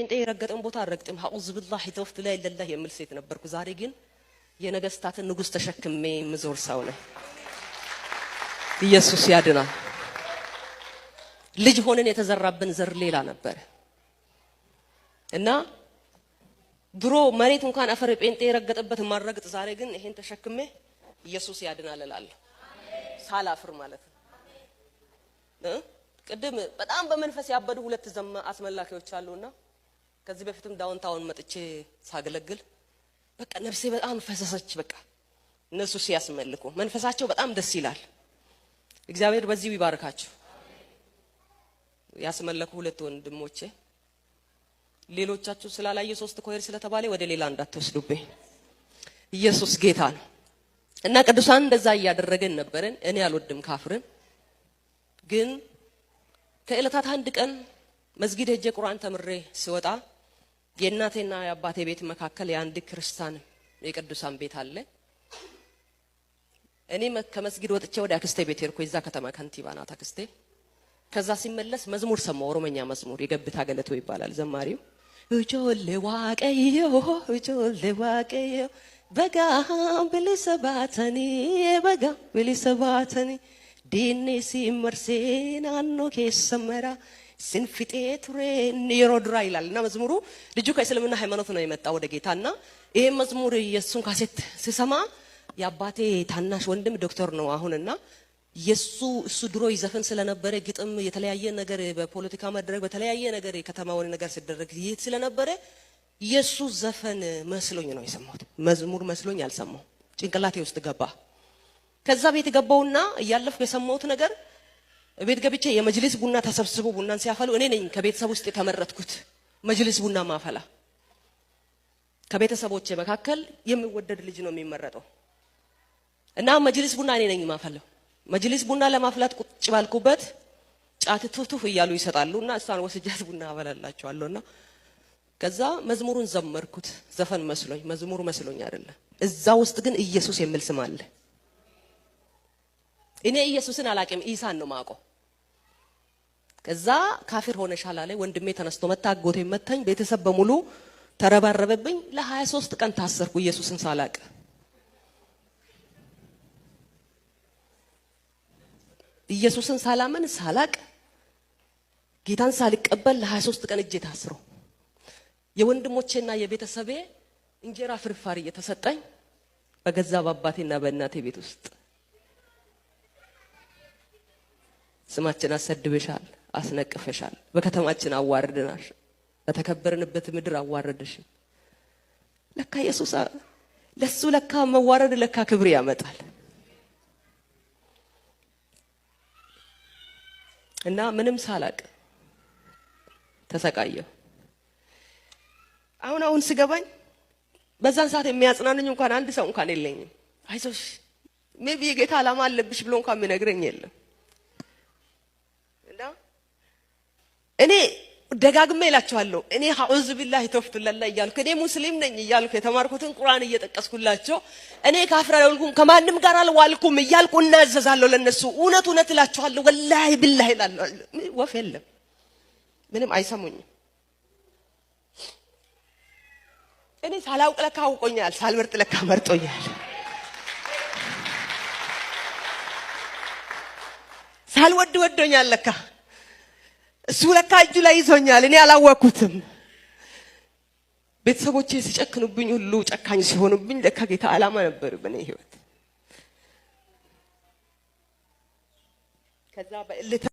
ጴንጤ የረገጠን ቦታ አረግጥም። ሀኡዝ ብላህ የተወፍት ላይ ለላህ የምል ሴት ነበርኩ። ዛሬ ግን የነገስታትን ንጉስ ተሸክሜ ምዞር ሰው ነኝ። ኢየሱስ ያድናል። ልጅ ሆነን የተዘራብን ዘር ሌላ ነበር እና ድሮ መሬት እንኳን አፈር ጴንጤ የረገጠበት ማረግጥ፣ ዛሬ ግን ይሄን ተሸክሜ ኢየሱስ ያድናል እላለሁ። ሳላፍር ማለት ነው። ቅድም በጣም በመንፈስ ያበዱ ሁለት ዘመ አስመላኪዎች አሉና ከዚህ በፊትም ዳውንታውን መጥቼ ሳገለግል በቃ ነፍሴ በጣም ፈሰሰች። በቃ እነሱ ሲያስመልኩ መንፈሳቸው በጣም ደስ ይላል። እግዚአብሔር በዚህ ይባርካችሁ። ያስመለኩ ሁለት ወንድሞቼ ሌሎቻችሁ ስላላየ ሶስት ኮይር ስለተባለ ወደ ሌላ እንዳትወስዱብኝ። ኢየሱስ ጌታ ነው እና ቅዱሳን እንደዛ እያደረገን ነበር እኔ አልወድም ካፍርን፣ ግን ከእለታት አንድ ቀን መስጊድ ሄጄ ቁርአን ተምሬ ስወጣ የእናቴና የአባቴ ቤት መካከል የአንድ ክርስቲያን የቅዱሳን ቤት አለ። እኔ ከመስጊድ ወጥቼ ወደ አክስቴ ቤት ሄድኩ። የዛ ከተማ ከንቲባ ናት አክስቴ። ከዛ ሲመለስ መዝሙር ሰማ፣ ኦሮመኛ መዝሙር የገብታ ገለቶ ይባላል ዘማሪው። እጆሌ ዋቀዮ እጆሌ ዋቀዮ በጋ ብሊሰባተኒ በጋ ብሊሰባተኒ ዲኔ ሲመርሴ ናኖ ኬሰመራ ስንፍጤ ቱሬን የሮድራ ይላል እና መዝሙሩ ልጁ ከእስልምና ሃይማኖት ነው የመጣ ወደ ጌታ እና ይህም መዝሙር የእሱን ካሴት ስሰማ የአባቴ ታናሽ ወንድም ዶክተር ነው አሁንና የሱ እሱ ድሮ ይዘፍን ስለነበረ ግጥም፣ የተለያየ ነገር በፖለቲካ መድረክ በተለያየ ነገር የከተማውን ነገር ሲደረግ ይት ስለነበረ የሱ ዘፈን መስሎኝ ነው የሰማሁት። መዝሙር መስሎኝ አልሰማው ጭንቅላቴ ውስጥ ገባ። ከዛ ቤት ገባውና እያለፍኩ የሰማሁት ነገር ቤት ገብቼ የመጅልስ ቡና ተሰብስቦ ቡናን ሲያፈሉ እኔ ነኝ ከቤተሰብ ውስጥ የተመረጥኩት መጅልስ ቡና ማፈላ። ከቤተሰቦቼ መካከል የሚወደድ ልጅ ነው የሚመረጠው እና መጅልስ ቡና እኔ ነኝ ማፈለው። መጅልስ ቡና ለማፍላት ቁጭ ባልኩበት ጫት ቱፍቱፍ እያሉ ይሰጣሉ እና እሷን ወስጃት ቡና አበላላቸዋለሁ እና ከዛ መዝሙሩን ዘመርኩት። ዘፈን መስሎኝ መዝሙር መስሎኝ አይደለም። እዛ ውስጥ ግን ኢየሱስ የሚል ስም አለ። እኔ ኢየሱስን አላቅም፣ ኢሳን ነው ማውቀው። ከዛ ካፊር ሆነሻላ ላይ ወንድሜ ተነስቶ መታ፣ አጎቴ መታኝ፣ ቤተሰብ በሙሉ ተረባረበብኝ። ለ23 ቀን ታሰርኩ ኢየሱስን ሳላቅ። ኢየሱስን ሳላምን ሳላቅ ጌታን ሳልቀበል ለ23 ቀን እጄ ታስሮ የወንድሞቼና የቤተሰቤ እንጀራ ፍርፋሪ እየተሰጠኝ በገዛ በአባቴና በእናቴ ቤት ውስጥ ስማችን አሰድብሻል አስነቅፈሻል። በከተማችን አዋርደናሽ፣ በተከበርንበት ምድር አዋረደሽ ለካ ኢየሱስ ለሱ ለካ መዋረድ ለካ ክብር ያመጣል እና ምንም ሳላቅ ተሰቃየሁ። አሁን አሁን ስገባኝ በዛን ሰዓት የሚያጽናንኝ እንኳን አንድ ሰው እንኳን የለኝም። አይዞሽ ሜቢ የጌታ ዓላማ አለብሽ ብሎ እንኳን የሚነግረኝ የለም። እኔ ደጋግሜ እላችኋለሁ። እኔ አዑዙ ቢላህ ተወፍቱላላ እያልኩ እኔ ሙስሊም ነኝ እያልኩ የተማርኩትን ቁርአን እየጠቀስኩላቸው እኔ ካፍራ ያልኩም ከማንም ጋር አልዋልኩም እያልኩ እናዘዛለሁ ለነሱ። እውነት እውነት እላችኋለሁ፣ ወላሂ ቢላሂ እላለሁ። ወፍ የለም፣ ምንም አይሰሙኝም። እኔ ሳላውቅ ለካ አውቆኛል፣ ሳልመርጥ ለካ መርጦኛል። ሳልወድ ወዶኛል ለካ እሱ ለካ እጁ ላይ ይዞኛል። እኔ አላወቅኩትም። ቤተሰቦቼ ሲጨክኑብኝ ሁሉ ጨካኝ ሲሆኑብኝ ለካ ጌታ ዓላማ ነበር በእኔ ህይወት ከዛ